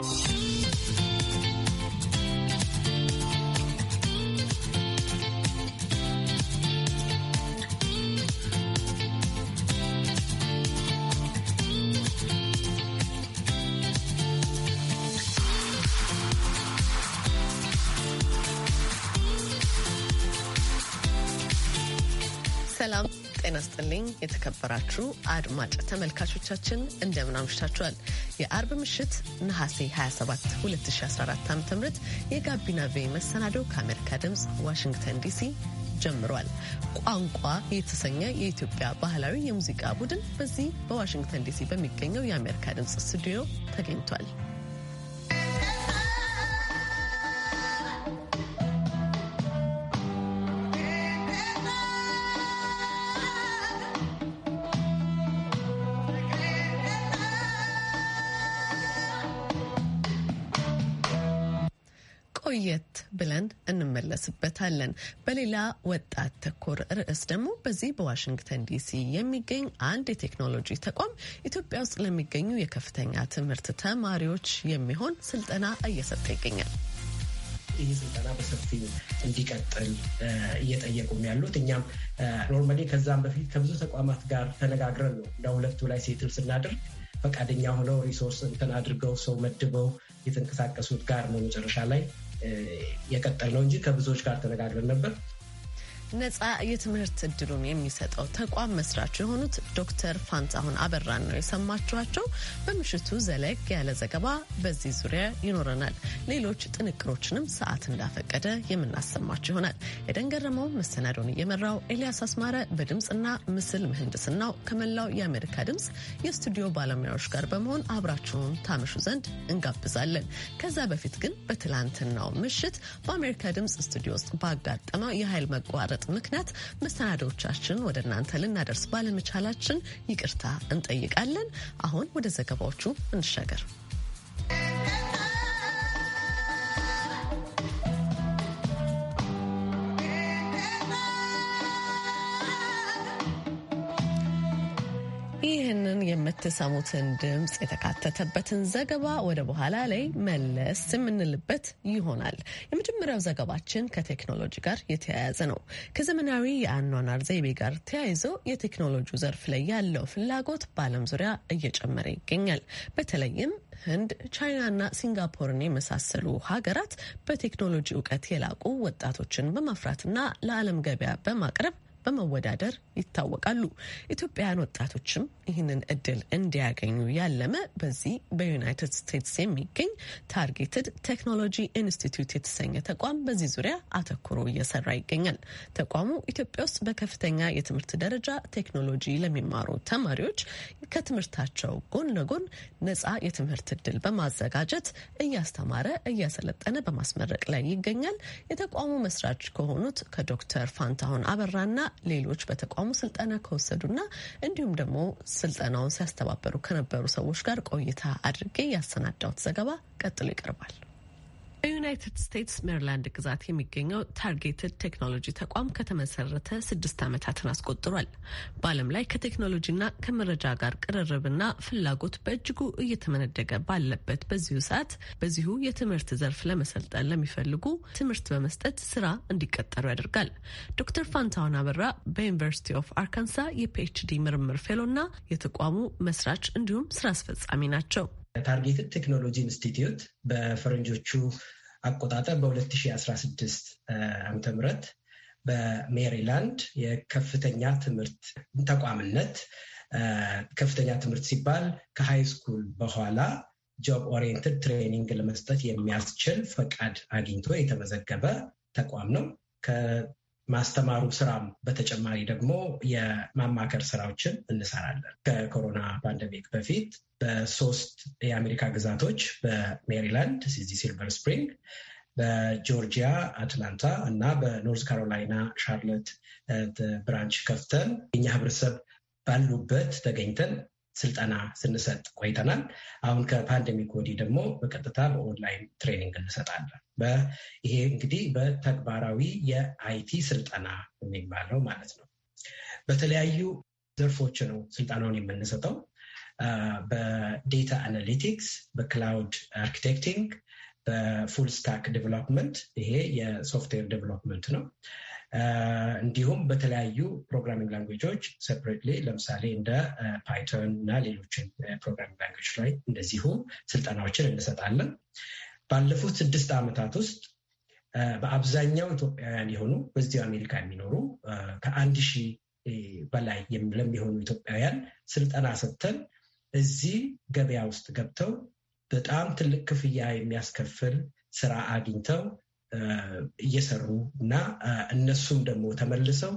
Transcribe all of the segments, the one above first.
ሰላም ጤና ስጥልኝ። የተከበራችሁ አድማጭ ተመልካቾቻችን እንደምን አምሽታችኋል? የአርብ ምሽት ነሐሴ 27 2014 ዓ.ም የጋቢና ቬ መሰናዶው ከአሜሪካ ድምፅ ዋሽንግተን ዲሲ ጀምሯል። ቋንቋ የተሰኘ የኢትዮጵያ ባህላዊ የሙዚቃ ቡድን በዚህ በዋሽንግተን ዲሲ በሚገኘው የአሜሪካ ድምፅ ስቱዲዮ ተገኝቷል። ቆየት ብለን እንመለስበታለን። በሌላ ወጣት ተኮር ርዕስ ደግሞ በዚህ በዋሽንግተን ዲሲ የሚገኝ አንድ የቴክኖሎጂ ተቋም ኢትዮጵያ ውስጥ ለሚገኙ የከፍተኛ ትምህርት ተማሪዎች የሚሆን ስልጠና እየሰጠ ይገኛል። ይህ ስልጠና በሰፊው እንዲቀጥል እየጠየቁም ያሉት እኛም ኖርማሊ ከዛም በፊት ከብዙ ተቋማት ጋር ተነጋግረን ነው እንደ ሁለቱ ላይ ሴትል ስናደርግ ፈቃደኛ ሆነው ሪሶርስ እንትን አድርገው ሰው መድበው የተንቀሳቀሱት ጋር ነው መጨረሻ ላይ የቀጠል ነው እንጂ ከብዙዎች ጋር ተነጋግረን ነበር። ነጻ የትምህርት እድሉን የሚሰጠው ተቋም መስራች የሆኑት ዶክተር ፋንታሁን አበራን ነው የሰማችኋቸው። በምሽቱ ዘለግ ያለ ዘገባ በዚህ ዙሪያ ይኖረናል። ሌሎች ጥንቅሮችንም ሰዓት እንዳፈቀደ የምናሰማችሁ ይሆናል። የደንገረመው መሰናዶን እየመራው ኤልያስ አስማረ በድምፅና ምስል ምህንድስናው ከመላው የአሜሪካ ድምፅ የስቱዲዮ ባለሙያዎች ጋር በመሆን አብራችሁን ታመሹ ዘንድ እንጋብዛለን። ከዛ በፊት ግን በትላንትናው ምሽት በአሜሪካ ድምፅ ስቱዲዮ ውስጥ ባጋጠመው የኃይል መቋረጥ መቋረጥ ምክንያት መሰናዶዎቻችን ወደ እናንተ ልናደርስ ባለመቻላችን ይቅርታ እንጠይቃለን። አሁን ወደ ዘገባዎቹ እንሻገር። ዝግጅታችንን የምትሰሙትን ድምፅ የተካተተበትን ዘገባ ወደ በኋላ ላይ መለስ የምንልበት ይሆናል። የመጀመሪያው ዘገባችን ከቴክኖሎጂ ጋር የተያያዘ ነው። ከዘመናዊ የአኗኗር ዘይቤ ጋር ተያይዞ የቴክኖሎጂ ዘርፍ ላይ ያለው ፍላጎት በዓለም ዙሪያ እየጨመረ ይገኛል። በተለይም ህንድ፣ ቻይናና ሲንጋፖርን የመሳሰሉ ሀገራት በቴክኖሎጂ እውቀት የላቁ ወጣቶችን በማፍራትና ለዓለም ገበያ በማቅረብ በመወዳደር ይታወቃሉ። ኢትዮጵያውያን ወጣቶችም ይህንን እድል እንዲያገኙ ያለመ በዚህ በዩናይትድ ስቴትስ የሚገኝ ታርጌትድ ቴክኖሎጂ ኢንስቲትዩት የተሰኘ ተቋም በዚህ ዙሪያ አተኩሮ እየሰራ ይገኛል። ተቋሙ ኢትዮጵያ ውስጥ በከፍተኛ የትምህርት ደረጃ ቴክኖሎጂ ለሚማሩ ተማሪዎች ከትምህርታቸው ጎን ለጎን ነጻ የትምህርት እድል በማዘጋጀት እያስተማረ እያሰለጠነ በማስመረቅ ላይ ይገኛል። የተቋሙ መስራች ከሆኑት ከዶክተር ፋንታሁን አበራና ሌሎች በተቋሙ ስልጠና ከወሰዱና እንዲሁም ደግሞ ስልጠናውን ሲያስተባበሩ ከነበሩ ሰዎች ጋር ቆይታ አድርጌ ያሰናዳሁት ዘገባ ቀጥሎ ይቀርባል። በዩናይትድ ስቴትስ ሜሪላንድ ግዛት የሚገኘው ታርጌትድ ቴክኖሎጂ ተቋም ከተመሰረተ ስድስት ዓመታትን አስቆጥሯል። በዓለም ላይ ከቴክኖሎጂና ከመረጃ ጋር ቅርርብና ፍላጎት በእጅጉ እየተመነደገ ባለበት በዚሁ ሰዓት በዚሁ የትምህርት ዘርፍ ለመሰልጠን ለሚፈልጉ ትምህርት በመስጠት ስራ እንዲቀጠሩ ያደርጋል። ዶክተር ፋንታውን አበራ በዩኒቨርሲቲ ኦፍ አርካንሳ የፒኤችዲ ምርምር ፌሎና የተቋሙ መስራች እንዲሁም ስራ አስፈጻሚ ናቸው። ታርጌትድ ቴክኖሎጂ ኢንስቲትዩት በፈረንጆቹ አቆጣጠር በ2016 ዓ ምት በሜሪላንድ የከፍተኛ ትምህርት ተቋምነት ከፍተኛ ትምህርት ሲባል ከሃይ ስኩል በኋላ ጆብ ኦሪየንትድ ትሬኒንግ ለመስጠት የሚያስችል ፈቃድ አግኝቶ የተመዘገበ ተቋም ነው። ማስተማሩ ስራም በተጨማሪ ደግሞ የማማከር ስራዎችን እንሰራለን። ከኮሮና ፓንደሚክ በፊት በሶስት የአሜሪካ ግዛቶች በሜሪላንድ ሲዚ ሲልቨር ስፕሪንግ፣ በጆርጂያ አትላንታ እና በኖርዝ ካሮላይና ሻርለት ብራንች ከፍተን የኛ ህብረተሰብ ባሉበት ተገኝተን ስልጠና ስንሰጥ ቆይተናል። አሁን ከፓንደሚክ ወዲህ ደግሞ በቀጥታ በኦንላይን ትሬኒንግ እንሰጣለን። ይሄ እንግዲህ በተግባራዊ የአይቲ ስልጠና የሚባለው ማለት ነው። በተለያዩ ዘርፎች ነው ስልጠናውን የምንሰጠው። በዴታ አናሊቲክስ፣ በክላውድ አርኪቴክቲንግ፣ በፉል ስታክ ዴቨሎፕመንት ይሄ የሶፍትዌር ዴቨሎፕመንት ነው። እንዲሁም በተለያዩ ፕሮግራሚንግ ላንጉጆች ሴፕሬትሊ ለምሳሌ እንደ ፓይቶን እና ሌሎችን ፕሮግራሚንግ ላንጉጆች ላይ እንደዚሁ ስልጠናዎችን እንሰጣለን። ባለፉት ስድስት ዓመታት ውስጥ በአብዛኛው ኢትዮጵያውያን የሆኑ በዚሁ አሜሪካ የሚኖሩ ከአንድ ሺህ በላይ ለሚሆኑ ኢትዮጵያውያን ስልጠና ሰጥተን እዚህ ገበያ ውስጥ ገብተው በጣም ትልቅ ክፍያ የሚያስከፍል ስራ አግኝተው እየሰሩ እና እነሱም ደግሞ ተመልሰው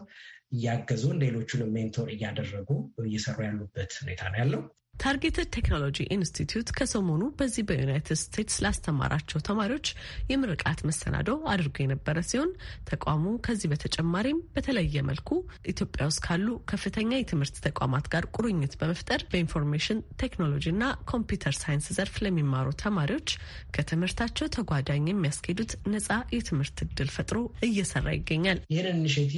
እያገዙን ሌሎቹንም ሜንቶር እያደረጉ እየሰሩ ያሉበት ሁኔታ ነው ያለው። ታርጌትድ ቴክኖሎጂ ኢንስቲትዩት ከሰሞኑ በዚህ በዩናይትድ ስቴትስ ላስተማራቸው ተማሪዎች የምርቃት መሰናዶ አድርጎ የነበረ ሲሆን ተቋሙ ከዚህ በተጨማሪም በተለየ መልኩ ኢትዮጵያ ውስጥ ካሉ ከፍተኛ የትምህርት ተቋማት ጋር ቁርኝት በመፍጠር በኢንፎርሜሽን ቴክኖሎጂና ኮምፒውተር ሳይንስ ዘርፍ ለሚማሩ ተማሪዎች ከትምህርታቸው ተጓዳኝ የሚያስኬዱት ነጻ የትምህርት እድል ፈጥሮ እየሰራ ይገኛል። ይህን ኢኒሽቲቭ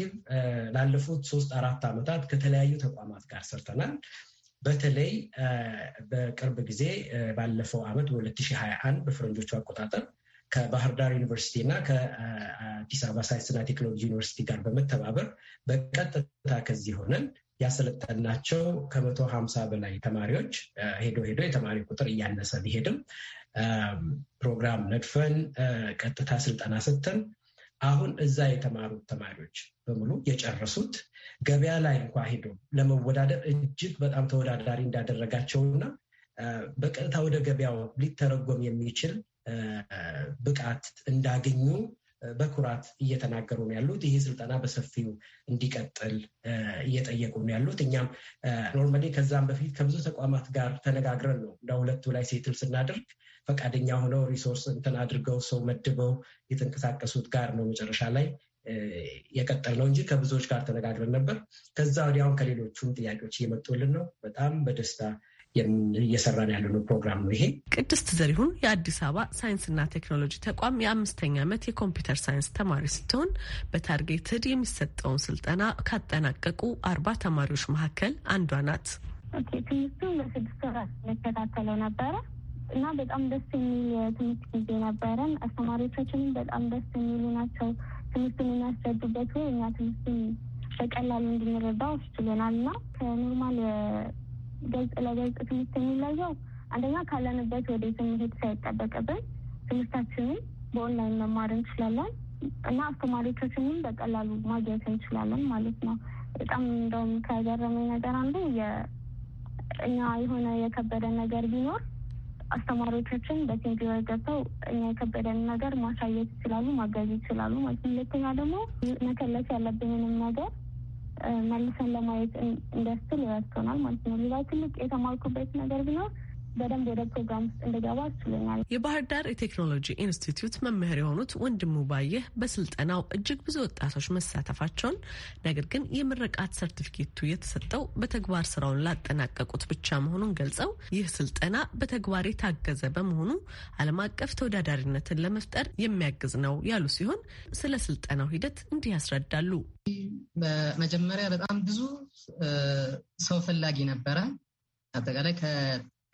ላለፉት ሶስት አራት ዓመታት ከተለያዩ ተቋማት ጋር ሰርተናል። በተለይ በቅርብ ጊዜ ባለፈው ዓመት በ2021 በፈረንጆቹ አቆጣጠር ከባህር ዳር ዩኒቨርሲቲ እና ከአዲስ አበባ ሳይንስና ቴክኖሎጂ ዩኒቨርሲቲ ጋር በመተባበር በቀጥታ ከዚህ ሆነን ያሰለጠናቸው ከመቶ ሀምሳ በላይ ተማሪዎች ሄዶ ሄዶ የተማሪ ቁጥር እያነሰ ቢሄድም ፕሮግራም ነድፈን ቀጥታ ስልጠና ሰጥተን አሁን እዛ የተማሩት ተማሪዎች በሙሉ የጨረሱት ገበያ ላይ እንኳ ሄዶ ለመወዳደር እጅግ በጣም ተወዳዳሪ እንዳደረጋቸውና በቀጥታ ወደ ገበያው ሊተረጎም የሚችል ብቃት እንዳገኙ በኩራት እየተናገሩ ነው ያሉት። ይህ ስልጠና በሰፊው እንዲቀጥል እየጠየቁ ነው ያሉት። እኛም ኖርማሊ ከዛም በፊት ከብዙ ተቋማት ጋር ተነጋግረን ነው ሁለቱ ላይ ሴትል ስናደርግ ፈቃደኛ ሆነው ሪሶርስ እንትን አድርገው ሰው መድበው የተንቀሳቀሱት ጋር ነው መጨረሻ ላይ የቀጠል ነው እንጂ ከብዙዎች ጋር ተነጋግረን ነበር። ከዛ ወዲያውም ከሌሎቹም ጥያቄዎች እየመጡልን ነው። በጣም በደስታ እየሰራን ያለነው ፕሮግራም ነው ይሄ። ቅድስት ዘሪሁን የአዲስ አበባ ሳይንስና ቴክኖሎጂ ተቋም የአምስተኛ ዓመት የኮምፒውተር ሳይንስ ተማሪ ስትሆን በታርጌትድ የሚሰጠውን ስልጠና ካጠናቀቁ አርባ ተማሪዎች መካከል አንዷ ናት። ትምህርቱ ለስድስት ወራት እንከታተለው ነበረ እና በጣም ደስ የሚል የትምህርት ጊዜ ነበረን። አስተማሪዎቻችንም በጣም ደስ የሚሉ ናቸው። ትምህርትን የሚያስረዱበት ወይ እኛ ትምህርትን በቀላሉ እንድንረዳው አስችሎናል። እና ከኖርማል ገጽ ለገጽ ትምህርት የሚለየው አንደኛ ካለንበት ወደ ትምህርት ሳይጠበቅብን ትምህርታችንን በኦንላይን መማር እንችላለን እና አስተማሪዎቻችንም በቀላሉ ማግኘት እንችላለን ማለት ነው። በጣም እንደውም ከገረመኝ ነገር አንዱ እኛ የሆነ የከበደ ነገር ቢኖር አስተማሪዎቻችን በስንት ወር ገብተው የከበደን ነገር ማሳየት ይችላሉ፣ ማገዝ ይችላሉ ማለት ነው። ሁለተኛ ደግሞ መከለስ ያለብንንም ነገር መልሰን ለማየት እንደስል ይረድቶናል ማለት ነው። ሌላ ትልቅ የተማርኩበት ነገር ቢኖር በደንብ ወደ ፕሮግራም ውስጥ እንደገባ አስችሎኛል። የባህር ዳር የቴክኖሎጂ ኢንስቲትዩት መምህር የሆኑት ወንድሙ ባየህ በስልጠናው እጅግ ብዙ ወጣቶች መሳተፋቸውን፣ ነገር ግን የምረቃት ሰርቲፊኬቱ የተሰጠው በተግባር ስራውን ላጠናቀቁት ብቻ መሆኑን ገልጸው ይህ ስልጠና በተግባር የታገዘ በመሆኑ ዓለም አቀፍ ተወዳዳሪነትን ለመፍጠር የሚያግዝ ነው ያሉ ሲሆን ስለ ስልጠናው ሂደት እንዲህ ያስረዳሉ። በመጀመሪያ በጣም ብዙ ሰው ፈላጊ ነበረ። አጠቃላይ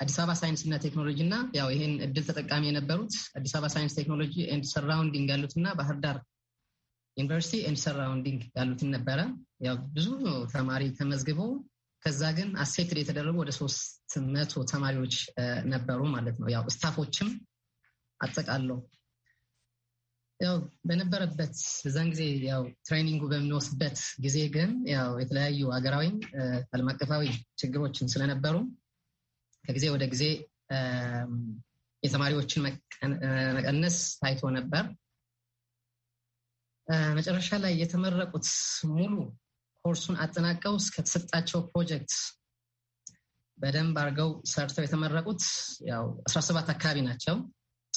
አዲስ አበባ ሳይንስና ቴክኖሎጂ እና ያው ይሄን እድል ተጠቃሚ የነበሩት አዲስ አበባ ሳይንስ ቴክኖሎጂ ኤንድ ሰራውንዲንግ እና ባህር ዳር ዩኒቨርሲቲ ኤንድ ሰራውንዲንግ ያሉትን ነበረ። ያው ብዙ ተማሪ ተመዝግቦ ከዛ ግን አሴት የተደረጉ ወደ ሶስት መቶ ተማሪዎች ነበሩ ማለት ነው። ያው ስታፎችም አጠቃለው ያው በነበረበት በዛን ጊዜ ያው ትሬኒንጉ በሚወስበት ጊዜ ግን ያው የተለያዩ ሀገራዊም ዓለም አቀፋዊ ችግሮችን ስለነበሩ ከጊዜ ወደ ጊዜ የተማሪዎችን መቀነስ ታይቶ ነበር። መጨረሻ ላይ የተመረቁት ሙሉ ኮርሱን አጠናቀው እስከተሰጣቸው ፕሮጀክት በደንብ አድርገው ሰርተው የተመረቁት ያው ሰባት አካባቢ ናቸው።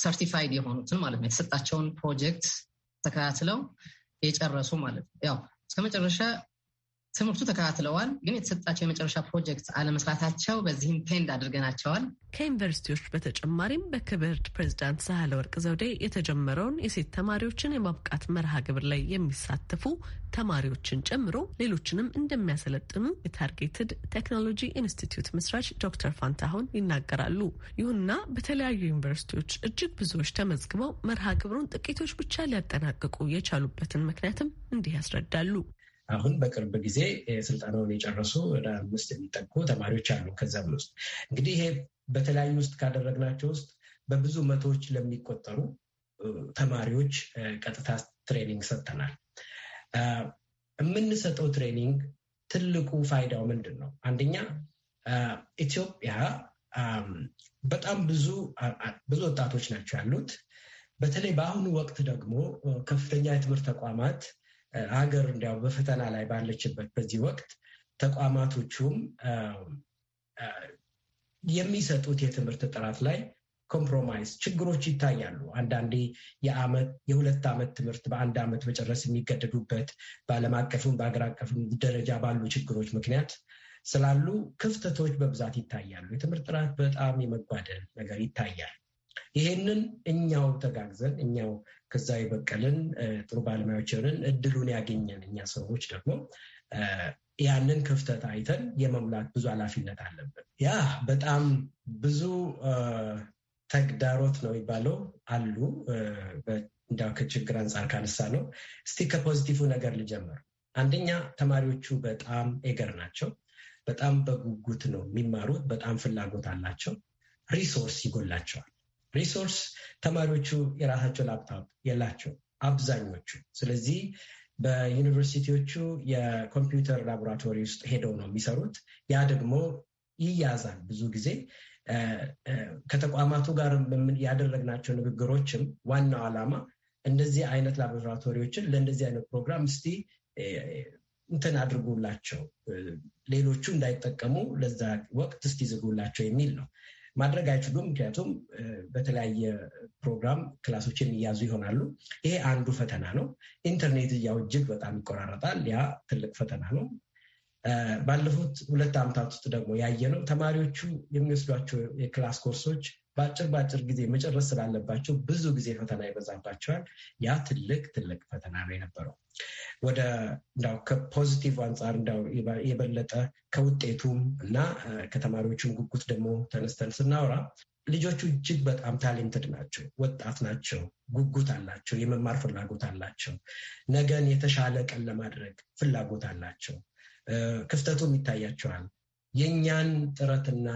ሰርቲፋይድ የሆኑትን ማለት ነው። የተሰጣቸውን ፕሮጀክት ተከታትለው የጨረሱ ማለት ነው። ያው እስከ መጨረሻ ትምህርቱ ተከታትለዋል። ግን የተሰጣቸው የመጨረሻ ፕሮጀክት አለመስራታቸው በዚህም ፔንድ አድርገናቸዋል። ከዩኒቨርሲቲዎች በተጨማሪም በክብርት ፕሬዚዳንት ሳህለ ወርቅ ዘውዴ የተጀመረውን የሴት ተማሪዎችን የማብቃት መርሃ ግብር ላይ የሚሳተፉ ተማሪዎችን ጨምሮ ሌሎችንም እንደሚያሰለጥኑ የታርጌትድ ቴክኖሎጂ ኢንስቲትዩት መስራች ዶክተር ፋንታሁን ይናገራሉ። ይሁንና በተለያዩ ዩኒቨርሲቲዎች እጅግ ብዙዎች ተመዝግበው መርሃ ግብሩን ጥቂቶች ብቻ ሊያጠናቅቁ የቻሉበትን ምክንያትም እንዲህ ያስረዳሉ። አሁን በቅርብ ጊዜ ስልጠናውን የጨረሱ ወደ አምስት የሚጠጉ ተማሪዎች አሉ። ከዛም ውስጥ እንግዲህ ይሄ በተለያዩ ውስጥ ካደረግናቸው ውስጥ በብዙ መቶዎች ለሚቆጠሩ ተማሪዎች ቀጥታ ትሬኒንግ ሰጥተናል። የምንሰጠው ትሬኒንግ ትልቁ ፋይዳው ምንድን ነው? አንደኛ ኢትዮጵያ በጣም ብዙ ብዙ ወጣቶች ናቸው ያሉት። በተለይ በአሁኑ ወቅት ደግሞ ከፍተኛ የትምህርት ተቋማት ሀገር እንዲያው በፈተና ላይ ባለችበት በዚህ ወቅት ተቋማቶቹም የሚሰጡት የትምህርት ጥራት ላይ ኮምፕሮማይዝ ችግሮች ይታያሉ። አንዳንዴ የአመት የሁለት ዓመት ትምህርት በአንድ ዓመት መጨረስ የሚገደዱበት በዓለም አቀፍም በአገር አቀፍም ደረጃ ባሉ ችግሮች ምክንያት ስላሉ ክፍተቶች በብዛት ይታያሉ። የትምህርት ጥራት በጣም የመጓደል ነገር ይታያል። ይሄንን እኛው ተጋግዘን እኛው ከዛ የበቀልን ጥሩ ባለሙያዎች የሆንን እድሉን ያገኘን እኛ ሰዎች ደግሞ ያንን ክፍተት አይተን የመሙላት ብዙ ኃላፊነት አለብን። ያ በጣም ብዙ ተግዳሮት ነው የሚባለው አሉ። እንዲያው ከችግር አንጻር ካነሳ ነው። እስቲ ከፖዚቲፉ ነገር ልጀምር። አንደኛ ተማሪዎቹ በጣም ኤገር ናቸው። በጣም በጉጉት ነው የሚማሩት። በጣም ፍላጎት አላቸው። ሪሶርስ ይጎላቸዋል። ሪሶርስ ተማሪዎቹ የራሳቸው ላፕታፕ የላቸው አብዛኞቹ። ስለዚህ በዩኒቨርሲቲዎቹ የኮምፒውተር ላቦራቶሪ ውስጥ ሄደው ነው የሚሰሩት። ያ ደግሞ ይያዛል ብዙ ጊዜ ከተቋማቱ ጋር ያደረግናቸው ንግግሮችም ዋናው ዓላማ እንደዚህ አይነት ላቦራቶሪዎችን ለእንደዚህ አይነት ፕሮግራም እስቲ እንትን አድርጉላቸው፣ ሌሎቹ እንዳይጠቀሙ ለዛ ወቅት እስቲ ዝጉላቸው የሚል ነው። ማድረግ አይችሉም። ምክንያቱም በተለያየ ፕሮግራም ክላሶችን እያዙ ይሆናሉ። ይሄ አንዱ ፈተና ነው። ኢንተርኔት እያው እጅግ በጣም ይቆራረጣል። ያ ትልቅ ፈተና ነው። ባለፉት ሁለት ዓመታት ውስጥ ደግሞ ያየ ነው ተማሪዎቹ የሚወስዷቸው የክላስ ኮርሶች በአጭር በአጭር ጊዜ መጨረስ ስላለባቸው ብዙ ጊዜ ፈተና ይበዛባቸዋል። ያ ትልቅ ትልቅ ፈተና ነው የነበረው። ወደ እንዳው ከፖዚቲቭ አንጻር እንዳው የበለጠ ከውጤቱም እና ከተማሪዎቹም ጉጉት ደግሞ ተነስተን ስናወራ ልጆቹ እጅግ በጣም ታሌንትድ ናቸው፣ ወጣት ናቸው፣ ጉጉት አላቸው፣ የመማር ፍላጎት አላቸው፣ ነገን የተሻለ ቀን ለማድረግ ፍላጎት አላቸው። ክፍተቱም ይታያቸዋል። የእኛን ጥረትና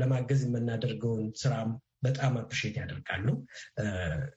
ለማገዝ የምናደርገውን ስራም በጣም አፕሪሼት ያደርጋሉ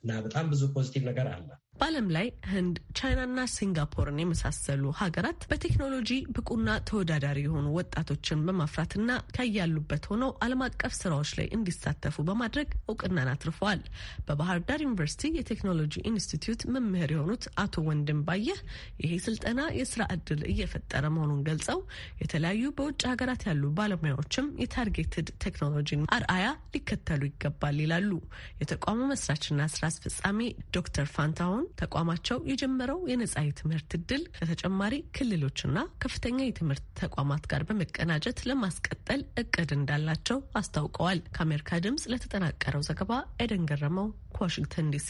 እና በጣም ብዙ ፖዚቲቭ ነገር አለ። በዓለም ላይ ህንድ፣ ቻይናና ሲንጋፖርን የመሳሰሉ ሀገራት በቴክኖሎጂ ብቁና ተወዳዳሪ የሆኑ ወጣቶችን በማፍራትና ከያሉበት ሆነው ዓለም አቀፍ ስራዎች ላይ እንዲሳተፉ በማድረግ እውቅናን አትርፈዋል። በባህር ዳር ዩኒቨርሲቲ የቴክኖሎጂ ኢንስቲትዩት መምህር የሆኑት አቶ ወንድም ባየህ ይሄ ስልጠና የስራ እድል እየፈጠረ መሆኑን ገልጸው የተለያዩ በውጭ ሀገራት ያሉ ባለሙያዎችም የታርጌትድ ቴክኖሎጂን አርአያ ሊከተሉ ይገባል ይላሉ። የተቋሙ መስራችና ስራ አስፈጻሚ ዶክተር ፋንታሁን ተቋማቸው የጀመረው የነጻ የትምህርት እድል ከተጨማሪ ክልሎችና ከፍተኛ የትምህርት ተቋማት ጋር በመቀናጀት ለማስቀጠል እቅድ እንዳላቸው አስታውቀዋል። ከአሜሪካ ድምጽ ለተጠናቀረው ዘገባ ኤደን ገረመው ከዋሽንግተን ዲሲ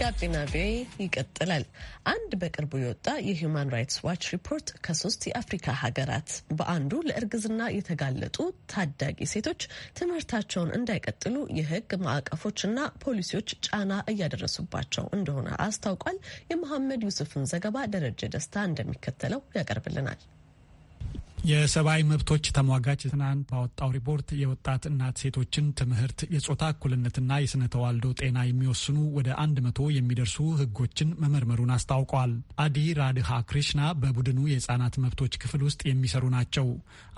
ጋቢና ቪኦኤ ይቀጥላል። አንድ በቅርቡ የወጣ የሂዩማን ራይትስ ዋች ሪፖርት ከሶስት የአፍሪካ ሀገራት በአንዱ ለእርግዝና የተጋለጡ ታዳጊ ሴቶች ትምህርታቸውን እንዳይቀጥሉ የህግ ማዕቀፎችና ፖሊሲዎች ጫና እያደረሱባቸው እንደሆነ አስታውቋል። የመሐመድ ዩሱፍን ዘገባ ደረጀ ደስታ እንደሚከተለው ያቀርብልናል። የሰብአዊ መብቶች ተሟጋች ትናንት ባወጣው ሪፖርት የወጣት እናት ሴቶችን ትምህርት፣ የጾታ እኩልነትና የስነ ተዋልዶ ጤና የሚወስኑ ወደ አንድ መቶ የሚደርሱ ህጎችን መመርመሩን አስታውቀዋል። አዲ ራድሃ ክሪሽና በቡድኑ የህጻናት መብቶች ክፍል ውስጥ የሚሰሩ ናቸው።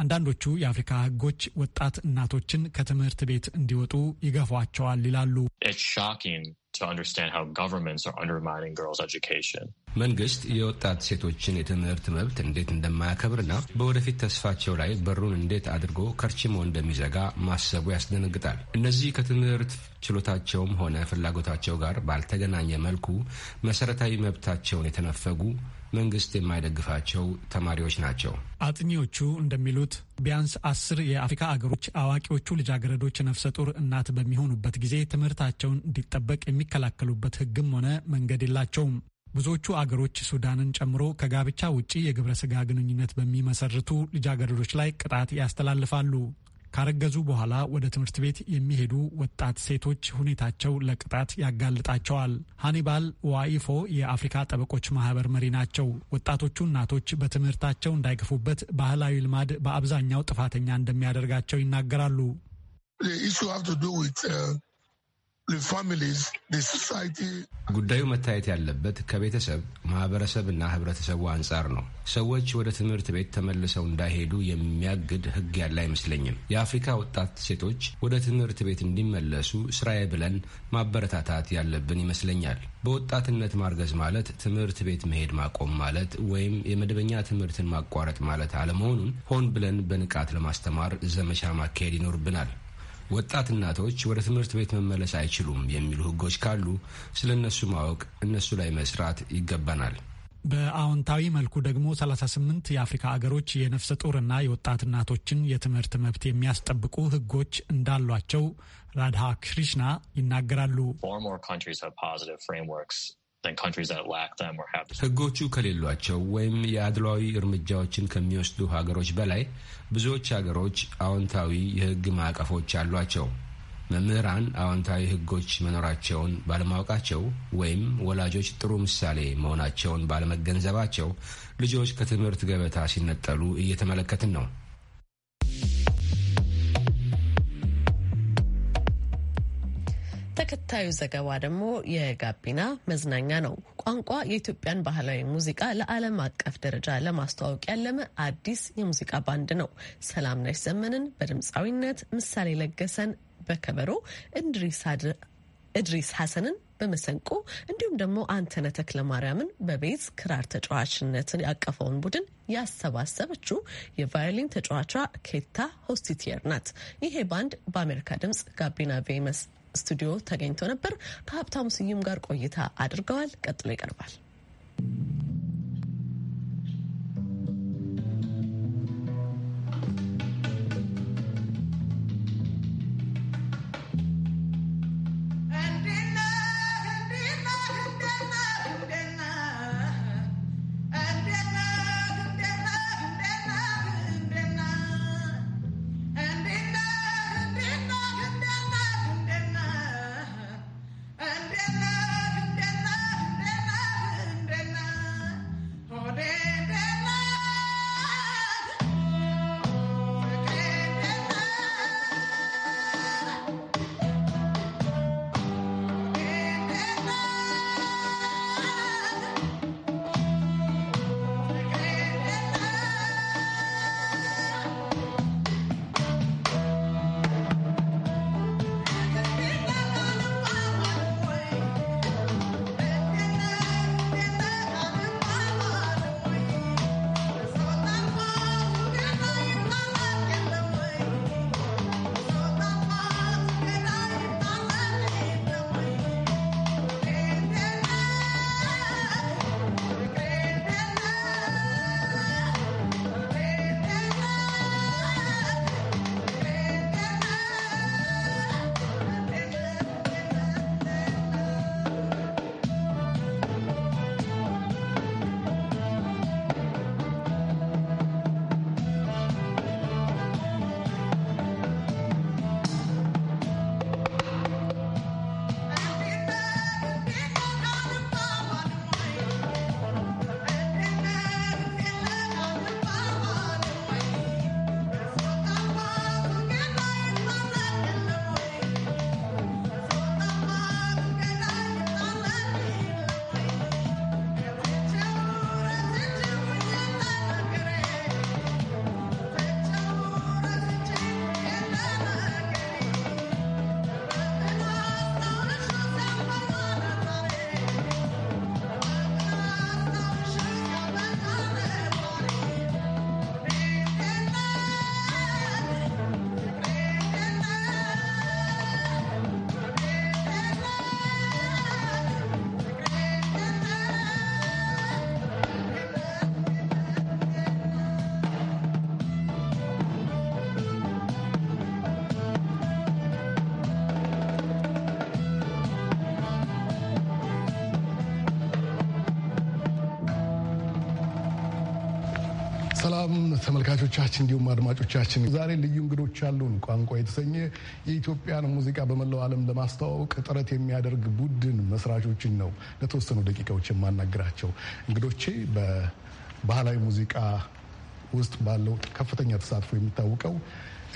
አንዳንዶቹ የአፍሪካ ህጎች ወጣት እናቶችን ከትምህርት ቤት እንዲወጡ ይገፏቸዋል ይላሉ። It's shocking to understand how governments are undermining girls' education. መንግስት የወጣት ሴቶችን የትምህርት መብት እንዴት እንደማያከብርና በወደፊት ተስፋቸው ላይ በሩን እንዴት አድርጎ ከርችሞ እንደሚዘጋ ማሰቡ ያስደነግጣል። እነዚህ ከትምህርት ችሎታቸውም ሆነ ፍላጎታቸው ጋር ባልተገናኘ መልኩ መሰረታዊ መብታቸውን የተነፈጉ መንግስት የማይደግፋቸው ተማሪዎች ናቸው። አጥኚዎቹ እንደሚሉት ቢያንስ አስር የአፍሪካ አገሮች አዋቂዎቹ ልጃገረዶች ነፍሰ ጡር እናት በሚሆኑበት ጊዜ ትምህርታቸውን እንዲጠበቅ የሚከላከሉበት ሕግም ሆነ መንገድ የላቸውም። ብዙዎቹ አገሮች ሱዳንን ጨምሮ ከጋብቻ ውጪ የግብረ ስጋ ግንኙነት በሚመሰርቱ ልጃገረዶች ላይ ቅጣት ያስተላልፋሉ። ካረገዙ በኋላ ወደ ትምህርት ቤት የሚሄዱ ወጣት ሴቶች ሁኔታቸው ለቅጣት ያጋልጣቸዋል። ሃኒባል ዋኢፎ የአፍሪካ ጠበቆች ማህበር መሪ ናቸው። ወጣቶቹ እናቶች በትምህርታቸው እንዳይገፉበት ባህላዊ ልማድ በአብዛኛው ጥፋተኛ እንደሚያደርጋቸው ይናገራሉ። ጉዳዩ መታየት ያለበት ከቤተሰብ ማህበረሰብና ህብረተሰቡ አንጻር ነው። ሰዎች ወደ ትምህርት ቤት ተመልሰው እንዳይሄዱ የሚያግድ ህግ ያለ አይመስለኝም። የአፍሪካ ወጣት ሴቶች ወደ ትምህርት ቤት እንዲመለሱ ስራዬ ብለን ማበረታታት ያለብን ይመስለኛል። በወጣትነት ማርገዝ ማለት ትምህርት ቤት መሄድ ማቆም ማለት ወይም የመደበኛ ትምህርትን ማቋረጥ ማለት አለመሆኑን ሆን ብለን በንቃት ለማስተማር ዘመቻ ማካሄድ ይኖርብናል። ወጣት እናቶች ወደ ትምህርት ቤት መመለስ አይችሉም የሚሉ ህጎች ካሉ ስለ እነሱ ማወቅ፣ እነሱ ላይ መስራት ይገባናል። በአዎንታዊ መልኩ ደግሞ 38 የአፍሪካ አገሮች የነፍሰ ጡርና የወጣት እናቶችን የትምህርት መብት የሚያስጠብቁ ህጎች እንዳሏቸው ራድሃ ክሪሽና ይናገራሉ። ህጎቹ ከሌሏቸው ወይም የአድሏዊ እርምጃዎችን ከሚወስዱ ሀገሮች በላይ ብዙዎች ሀገሮች አዎንታዊ የህግ ማዕቀፎች አሏቸው። መምህራን አዎንታዊ ህጎች መኖራቸውን ባለማወቃቸው ወይም ወላጆች ጥሩ ምሳሌ መሆናቸውን ባለመገንዘባቸው ልጆች ከትምህርት ገበታ ሲነጠሉ እየተመለከትን ነው። ተከታዩ ዘገባ ደግሞ የጋቢና መዝናኛ ነው። ቋንቋ የኢትዮጵያን ባህላዊ ሙዚቃ ለዓለም አቀፍ ደረጃ ለማስተዋወቅ ያለመ አዲስ የሙዚቃ ባንድ ነው። ሰላም ነሽ ዘመንን በድምፃዊነት ምሳሌ ለገሰን በከበሮ እድሪስ ሀሰንን በመሰንቆ እንዲሁም ደግሞ ተክለ ማርያምን በቤዝ ክራር ተጫዋችነትን ያቀፈውን ቡድን ያሰባሰበችው የቫዮሊን ተጫዋቿ ኬታ ሆስቲቲየር ናት። ይሄ ባንድ በአሜሪካ ድምጽ ጋቢና ቬመስ ስቱዲዮ ተገኝቶ ነበር። ከሀብታሙ ስዩም ጋር ቆይታ አድርገዋል። ቀጥሎ ይቀርባል። ተመልካቾቻችን እንዲሁም አድማጮቻችን ዛሬ ልዩ እንግዶች ያሉን ቋንቋ የተሰኘ የኢትዮጵያን ሙዚቃ በመላው ዓለም ለማስተዋወቅ ጥረት የሚያደርግ ቡድን መስራቾችን ነው ለተወሰኑ ደቂቃዎች የማናግራቸው። እንግዶቼ በባህላዊ ሙዚቃ ውስጥ ባለው ከፍተኛ ተሳትፎ የሚታወቀው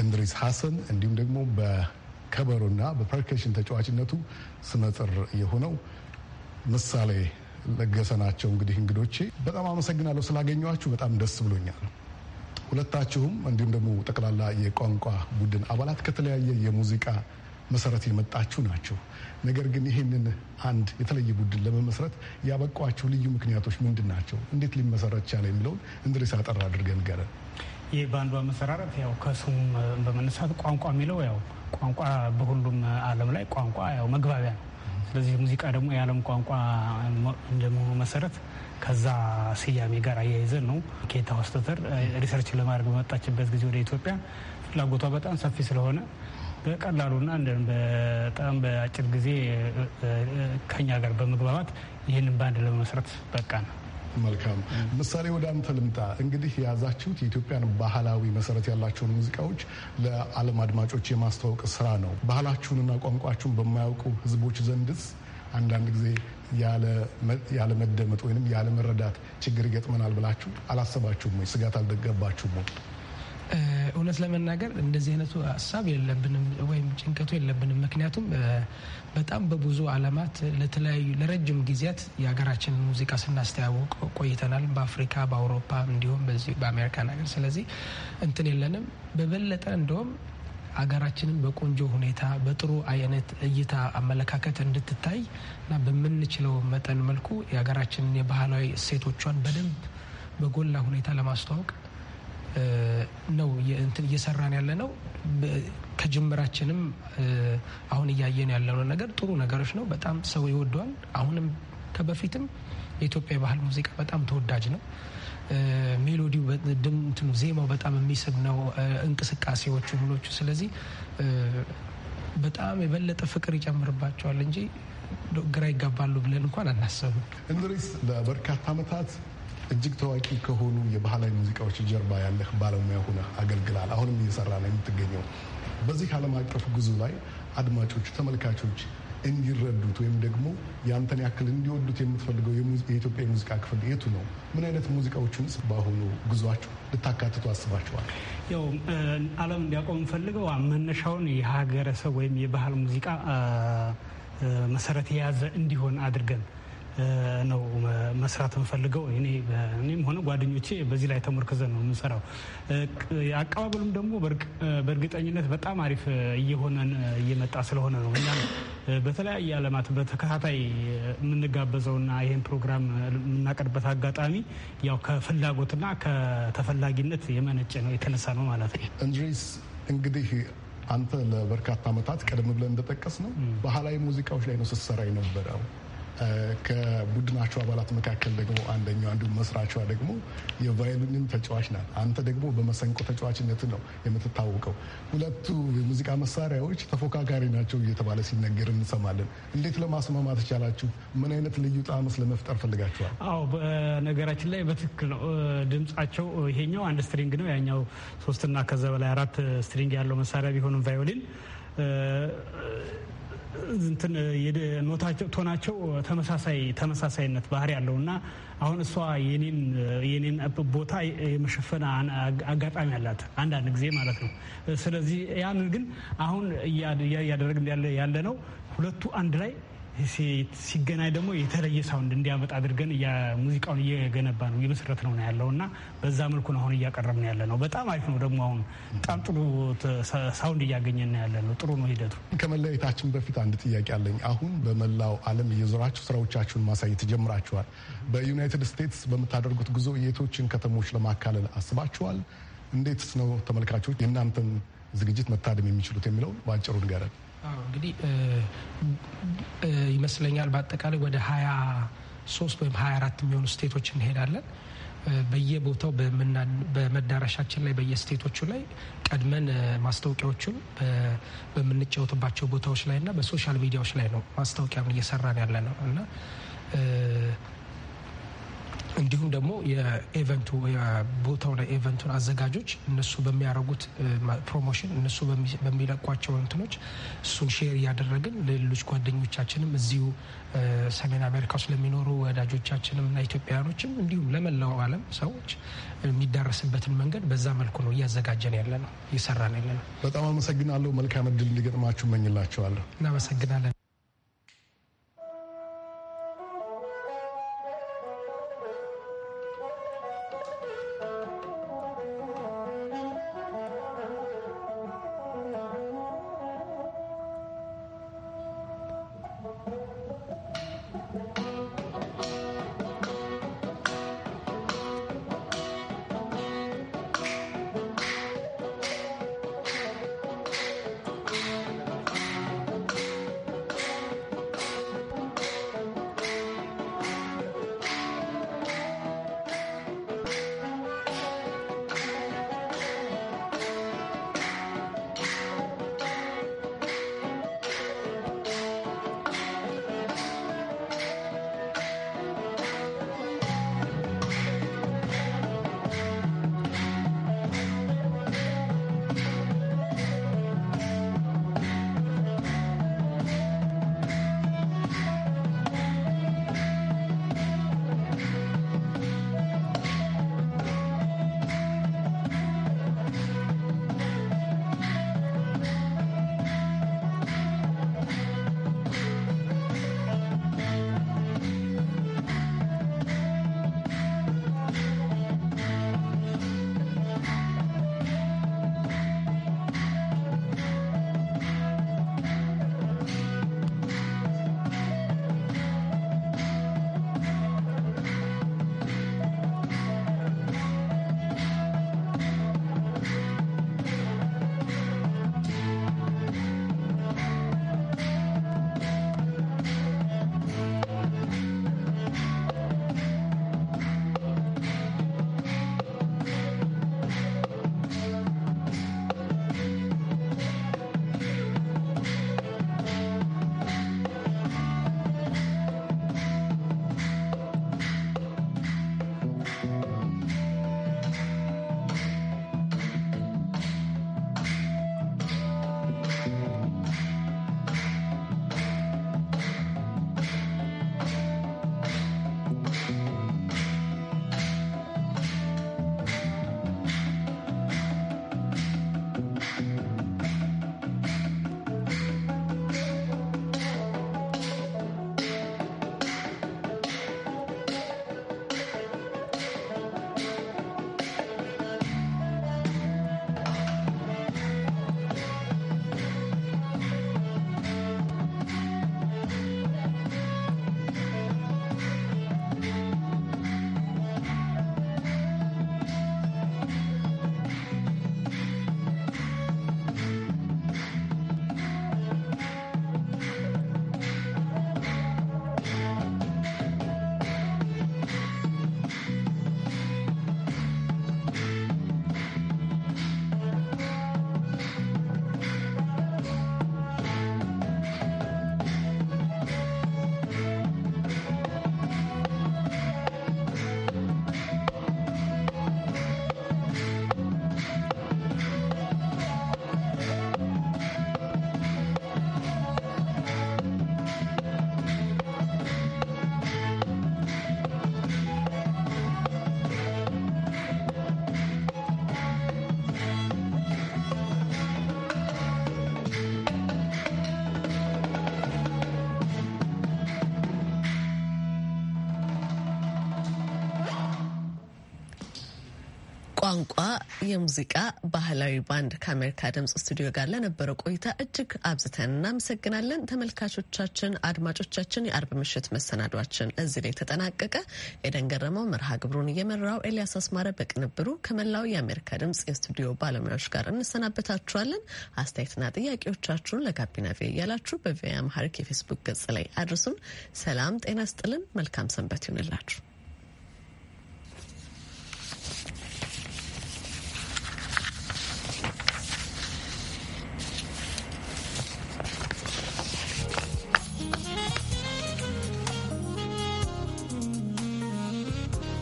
እንድሪስ ሀሰን እንዲሁም ደግሞ በከበሮና በፐርከሽን ተጫዋችነቱ ስመጥር የሆነው ምሳሌ ለገሰ ናቸው። እንግዲህ እንግዶቼ በጣም አመሰግናለሁ ስላገኘኋችሁ፣ በጣም ደስ ብሎኛል። ሁለታችሁም እንዲሁም ደግሞ ጠቅላላ የቋንቋ ቡድን አባላት ከተለያየ የሙዚቃ መሰረት የመጣችሁ ናችሁ። ነገር ግን ይህንን አንድ የተለየ ቡድን ለመመስረት ያበቋችሁ ልዩ ምክንያቶች ምንድን ናቸው? እንዴት ሊመሰረት ቻለ የሚለውን እንድሪስ አጠር አድርገን ገረን ይህ ባንዱ መሰራረት ያው ከሱም በመነሳት ቋንቋ የሚለው ያው ቋንቋ በሁሉም ዓለም ላይ ቋንቋ ያው መግባቢያ ነው። ስለዚህ ሙዚቃ ደግሞ የዓለም ቋንቋ እንደመሆኑ መሰረት ከዛ ስያሜ ጋር አያይዘን ነው ኬታ ሆስፒታል ሪሰርች ለማድረግ በመጣችበት ጊዜ ወደ ኢትዮጵያ ፍላጎቷ በጣም ሰፊ ስለሆነ በቀላሉና በጣም በአጭር ጊዜ ከኛ ጋር በመግባባት ይህንን ባንድ ለመመስረት ነው። መልካም ምሳሌ ወደ አንተ ልምጣ። እንግዲህ የያዛችሁት የኢትዮጵያን ባህላዊ መሰረት ያላቸውን ሙዚቃዎች ለዓለም አድማጮች የማስተዋወቅ ስራ ነው። ባህላችሁንና ቋንቋችሁን በማያውቁ ህዝቦች ዘንድስ አንዳንድ ጊዜ ያለመደመጥ ወይም መረዳት ችግር ይገጥመናል ብላችሁ አላሰባችሁም ወይ? ስጋት አልደገባችሁም ወይ? እውነት ለመናገር እንደዚህ አይነቱ ሀሳብ የለብንም ወይም ጭንቀቱ የለብንም። ምክንያቱም በጣም በብዙ ዓለማት ለተለያዩ ለረጅም ጊዜያት የሀገራችንን ሙዚቃ ስናስተያውቅ ቆይተናል። በአፍሪካ፣ በአውሮፓ እንዲሁም በዚህ በአሜሪካ ነገር። ስለዚህ እንትን የለንም። በበለጠ እንደውም አገራችንን በቆንጆ ሁኔታ በጥሩ አይነት እይታ አመለካከት እንድትታይ እና በምንችለው መጠን መልኩ የሀገራችንን የባህላዊ እሴቶቿን በደንብ በጎላ ሁኔታ ለማስተዋወቅ ነው እንትን እየሰራን ያለ ነው። ከጅምራችንም አሁን እያየን ያለነው ነገር ጥሩ ነገሮች ነው። በጣም ሰው ይወደዋል። አሁንም ከበፊትም የኢትዮጵያ የባህል ሙዚቃ በጣም ተወዳጅ ነው። ሜሎዲው ድምቱ ዜማው በጣም የሚስብ ነው። እንቅስቃሴዎቹ ምኖቹ፣ ስለዚህ በጣም የበለጠ ፍቅር ይጨምርባቸዋል እንጂ ግራ ይጋባሉ ብለን እንኳን አናሰብም። እንድሪስ ለበርካታ ዓመታት እጅግ ታዋቂ ከሆኑ የባህላዊ ሙዚቃዎች ጀርባ ያለህ ባለሙያ ሆነ አገልግላል። አሁንም እየሰራ ነው የምትገኘው። በዚህ ዓለም አቀፍ ጉዞ ላይ አድማጮች፣ ተመልካቾች እንዲረዱት ወይም ደግሞ ያንተን ያክል እንዲወዱት የምትፈልገው የኢትዮጵያ የሙዚቃ ክፍል የቱ ነው? ምን አይነት ሙዚቃዎችን በአሁኑ ጉዟቸው ልታካትቱ አስባችኋል? ያው ዓለም እንዲያውቀው የምፈልገው መነሻውን የሀገረሰብ ወይም የባህል ሙዚቃ መሰረት የያዘ እንዲሆን አድርገን ነው መስራት እንፈልገው። እኔም ሆነ ጓደኞቼ በዚህ ላይ ተሞርክዘን ነው የምንሰራው። አቀባበሉም ደግሞ በእርግጠኝነት በጣም አሪፍ እየሆነን እየመጣ ስለሆነ ነው እኛ በተለያየ ዓለማት በተከታታይ የምንጋበዘውና ይህን ፕሮግራም የምናቀርበት አጋጣሚ ያው ከፍላጎትና ከተፈላጊነት የመነጨ ነው የተነሳ ነው ማለት ነው። እንድሪስ እንግዲህ አንተ ለበርካታ ዓመታት ቀደም ብለን እንደጠቀስ ነው ባህላዊ ሙዚቃዎች ላይ ነው ስትሰራ የነበረው ከቡድናቸው አባላት መካከል ደግሞ አንደኛው አንዱ መስራቿ ደግሞ የቫዮሊንን ተጫዋች ናት። አንተ ደግሞ በመሰንቆ ተጫዋችነት ነው የምትታወቀው። ሁለቱ የሙዚቃ መሳሪያዎች ተፎካካሪ ናቸው እየተባለ ሲነገር እንሰማለን። እንዴት ለማስማማት ቻላችሁ? ምን አይነት ልዩ ጣዕምስ ለመፍጠር ፈልጋችኋል? አዎ፣ በነገራችን ላይ በትክክል ነው። ድምጻቸው ይሄኛው አንድ ስትሪንግ ነው፣ ያኛው ሶስትና ከዛ በላይ አራት ስትሪንግ ያለው መሳሪያ ቢሆንም ቫዮሊን ቶናቸው ተመሳሳይ ተመሳሳይነት ባህሪ ያለው እና አሁን እሷ የኔን ቦታ የመሸፈን አጋጣሚ አላት አንዳንድ ጊዜ ማለት ነው። ስለዚህ ያንን ግን አሁን እያደረግን ያለ ነው ሁለቱ አንድ ላይ ሲገናኝ ደግሞ የተለየ ሳውንድ እንዲያመጣ አድርገን ሙዚቃውን እየገነባ ነው እየመሰረት ነው ያለው እና በዛ መልኩ ነው አሁን እያቀረብ ነው ያለ ነው። በጣም አሪፍ ነው ደግሞ አሁን በጣም ጥሩ ሳውንድ እያገኘን ነው ያለ ነው። ጥሩ ነው ሂደቱ። ከመለያየታችን በፊት አንድ ጥያቄ አለኝ። አሁን በመላው ዓለም እየዞራችሁ ስራዎቻችሁን ማሳየት ጀምራችኋል። በዩናይትድ ስቴትስ በምታደርጉት ጉዞ የቶችን ከተሞች ለማካለል አስባችኋል? እንዴትስ ነው ተመልካቾች የእናንተን ዝግጅት መታደም የሚችሉት የሚለውን በአጭሩ ንገረን። እንግዲህ ይመስለኛል በአጠቃላይ ወደ ሶስት ወይም አራት የሚሆኑ ስቴቶች እንሄዳለን። በየቦታው በመዳረሻችን ላይ በየስቴቶቹ ላይ ቀድመን ማስታወቂያዎቹን በምንጫወትባቸው ቦታዎች ላይ እና በሶሻል ሚዲያዎች ላይ ነው ማስታወቂያ እየሰራን ያለ ነው እና እንዲሁም ደግሞ የኤቨንቱ የቦታውና ኤቨንቱን አዘጋጆች እነሱ በሚያደርጉት ፕሮሞሽን እነሱ በሚለቋቸው እንትኖች እሱን ሼር እያደረግን ለሌሎች ጓደኞቻችንም እዚሁ ሰሜን አሜሪካ ውስጥ ለሚኖሩ ወዳጆቻችንም እና ኢትዮጵያውያኖችም እንዲሁም ለመላው ዓለም ሰዎች የሚዳረስበትን መንገድ በዛ መልኩ ነው እያዘጋጀን ያለ ነው እየሰራን ያለ ነው። በጣም አመሰግናለሁ። መልካም እድል እንዲገጥማችሁ መኝላቸዋለሁ። እናመሰግናለን። የሙዚቃ ባህላዊ ባንድ ከአሜሪካ ድምጽ ስቱዲዮ ጋር ለነበረው ቆይታ እጅግ አብዝተን እናመሰግናለን። ተመልካቾቻችን፣ አድማጮቻችን የአርብ ምሽት መሰናዷችን እዚህ ላይ ተጠናቀቀ። ኤደን ገረመው መርሃ ግብሩን እየመራው፣ ኤልያስ አስማረ በቅንብሩ ከመላው የአሜሪካ ድምጽ የስቱዲዮ ባለሙያዎች ጋር እንሰናበታችኋለን። አስተያየትና ጥያቄዎቻችሁን ለጋቢና ቪ እያላችሁ በቪ አምሃሪክ የፌስቡክ ገጽ ላይ አድርሱን። ሰላም ጤና ስጥልን። መልካም ሰንበት ይሁንላችሁ።